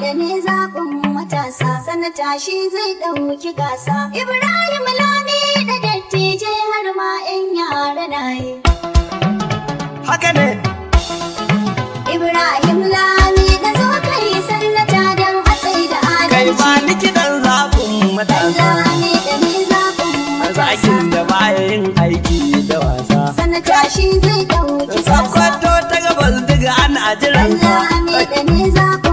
da zaɓin matasa sanata shi zai ɗauki gasa Ibrahim Lami da dattijai har ma 'yan yara na yi. Ibrahim Lami da zo kai sanata don hatsai da adalci. Kai ba ni kiɗan matasa. matasa. da baya aiki da wasa. Sanata shi zai ɗauki gasa. Sakwato ta gabas diga ana jiran da ne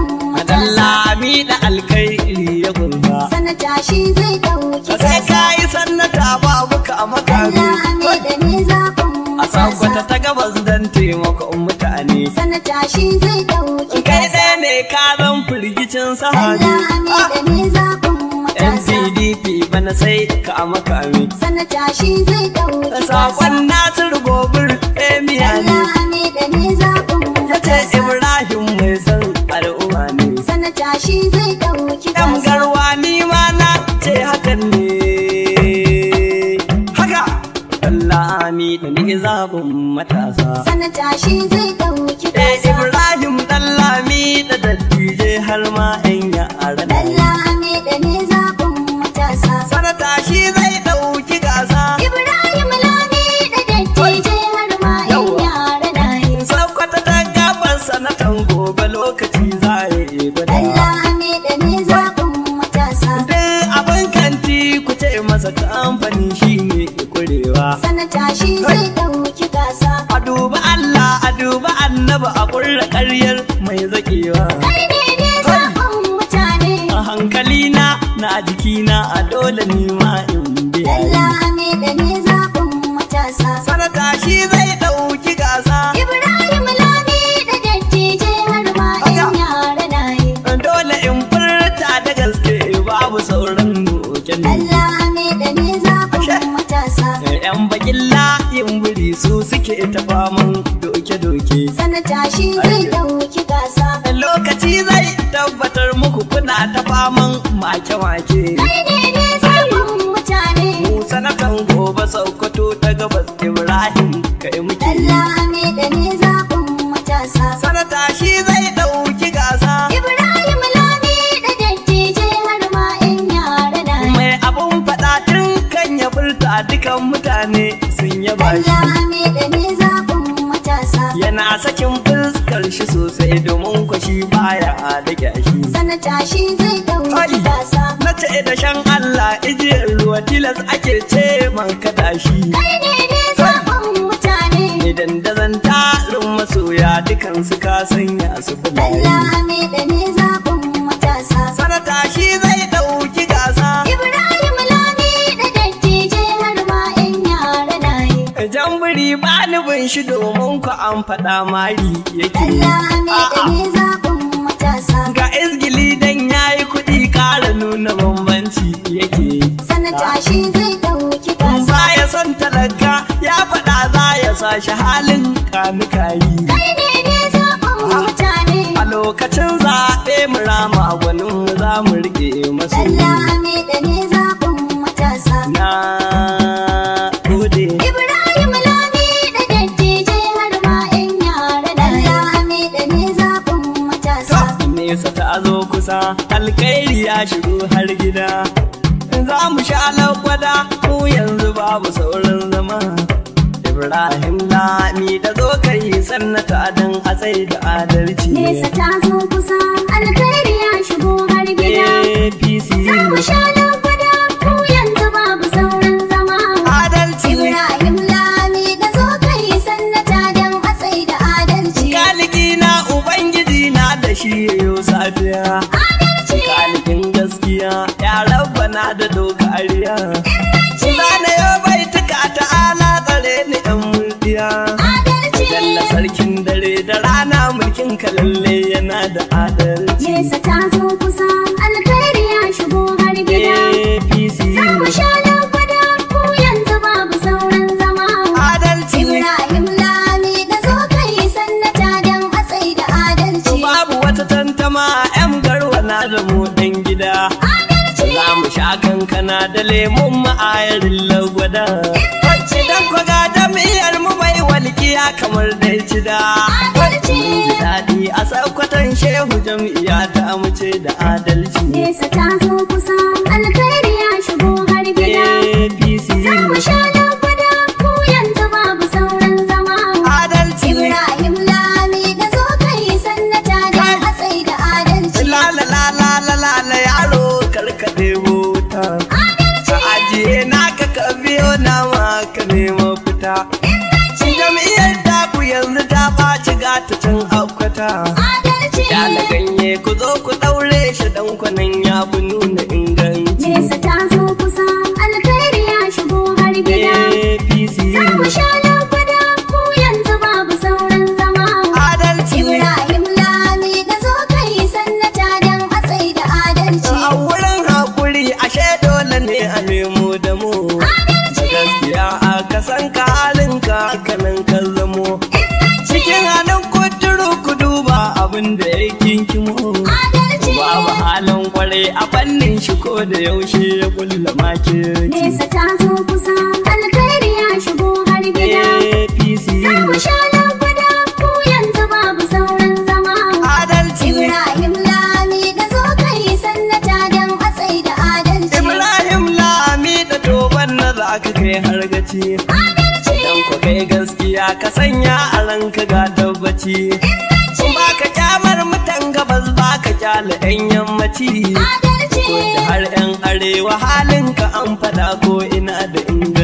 shi zai dauki sai ka yi sannata ba ka makami Allah a sakwata ta gabas don taimakon mutane sanata shi zai dauki kai ɗaya ne ka zan firgicin sahani ah! NCDP bana sai ka makami sanata shi zai dauki sakon Nasiru Gobir Emiya ne saka amfani shi ne ikurewa. kurewa. Sanata shi zai ɗauki gasa. A duba Allah, a duba annaba a ƙurra ƙaryar mai zaƙewa. Kai ne ne zaɓin mutane. A hankalina na, na a jikina a dole nima. nake ta mun doke-doke. Sanata shi zai dauki gasa. Lokaci zai tabbatar muku kuna ta faman make-make. Kai ne ne mutane. Mu sanatan gobe Sokoto ta gabas Ibrahim kai muke. Allah ne da ne zaɓin matasa. Sanata shi zai ɗauki gasa. Ibrahim lami da dattije har ma in yara da. Mai abun faɗa tun kan ya furta dukan mutane sun yaba shi. Allah ne na sakin fuskar shi sosai domin kwashi baya da gyashi sanata shi zai dauki gasa na ce da shan Allah ijiyar ruwa tilas ake ce man kada shi kai ne ne sabon mutane idan da zan tarin masoya dukan su ka sanya su kuma Allah ne da ne kan shi domin ku an faɗa mari yake. Ga izgili dan yayi kuɗi ƙara nuna bambanci yake. Sanata zai ɗauki talaka ya faɗa za ya sa shi halin kanukayi. Kai ne ne mutane. A lokacin zaɓe mu rama gwanin za mu riƙe masu. wasa alkairi ya shigo har gida za mu sha lagwada Ku yanzu babu saurin zama Ibrahim Lami da zo kai sannata don hatsai da adalci. Nesa ta zo kusa rabba na da dogariya zane yo bai tuka ta ala tsare ni yan mulkiya jalla sarkin dare da rana mulkin ka lalle yana da adalci a kankana da lemon ma'ayarin lagwada Kwanci don kwaga da miyar mu mai walƙiya kamar dai cida Kwanci daɗi a saukwatan shehu jam'iyya ta amince da adalci Nesa ta zo kusa alkhairi ya shigo har gida APC Za mu sha lagwada ko yanzu babu sauran zama Adalci Ibrahim Lami da zo kai sannata da hatsai da adalci La la la la la la ya nuna inganci. Nesa ta zo kusa alkhairi ya shigo har gida. APC. Za mu sha lakwada ko yanzu babu sauran zama. Adalci. Ibrahim Lami da zo kai sannata don da adalci. A wurin hakuri, ashe dole ne a nemo da mu. Adalci. Gaskiya a kasan ka halinka hakanan ka zamo. Cikin halin kuturu ku duba abin da kware a fannin shi ko da yaushe ya kulla make nesa ta zo kusa alkhairi ya shigo har gida apc ta mu sha ko yanzu babu sauran zama adalci ibrahim lami da zo kai sannata don atsai da adalci ibrahim lami da toban na za ka kai har gaci adalci dan ku kai gaskiya ka sanya a ranka ga tabbaci kamar mutan gabas ba ka jala 'yan yammaci. Adalci! Ko da har 'yan arewa halinka an fada ko ina da inda.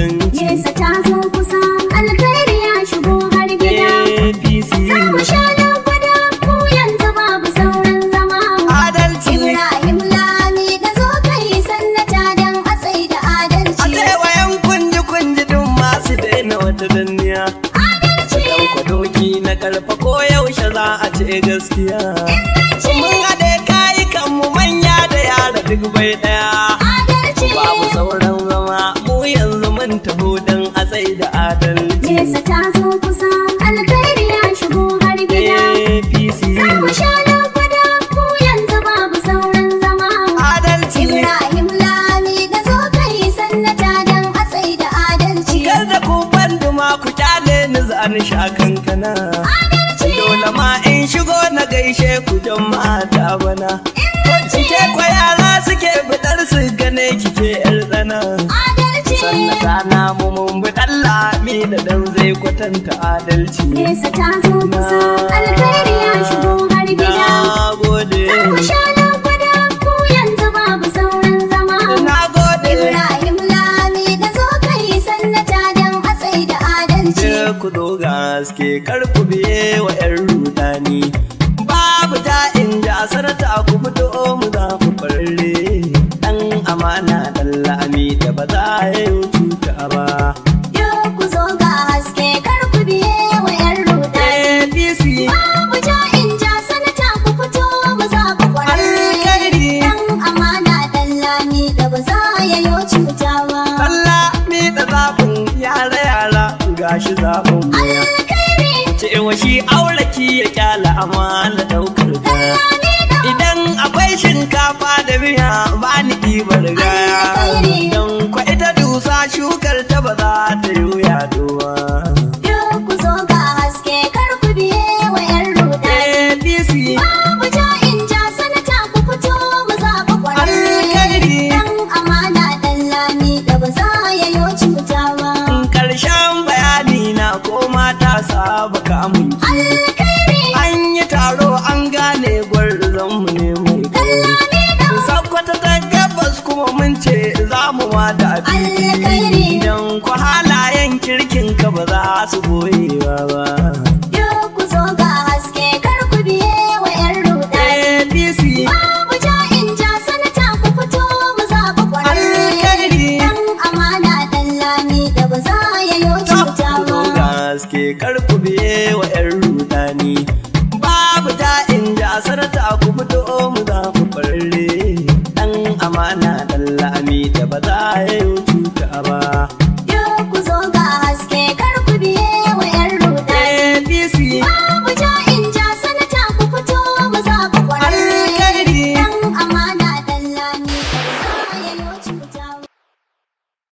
ce gaskiya mun haɗe kayi mu manya da yara duk bai ɗaya babu sauran zama mu yanzu mun taho don da adalci nesa ta zo kusa alkhairi ya shigo har gida apc babu sauran zama adalci ibrahim lami da zo sannata don atsai da adalci kar da ku banduma ku kyale ni za sha kankana adalci dole ma in shigo na gaishe ku mata bana. Kike kwa yara suke fitar su gane kike yar tsana. Sannan ta namu mun bi ɗan lami da ɗan zai kwatanta adalci. Nesa ta zo kusa alkhairi ya shigo har gida. Na gode. Za mu sha lagwada yanzu babu sauran zama. Na gode. Ibrahim lami da zo kai sannata don hatsai da adalci. Ku zo ga haske karku da ba za a yayo cuta ba. Allah mi da zafin yara yara gashi zafin kura. Cewa shi auraki ya kyala amala daukar gaya. Idan akwai shinkafa da miya ba ni ɗibar gaya. Don kwa ita dusa shukar ta ba za za su boyewa ba. Yau ku zo ga haske kar ku biye wa 'yan Babu in ja sanata ku fito mu zaɓa ƙwararre. Alƙalmi. amana da ba za ya haske kar ku biye wa 'yan Babu ja in ja sanata ku fito mu amana ɗan da ba za ya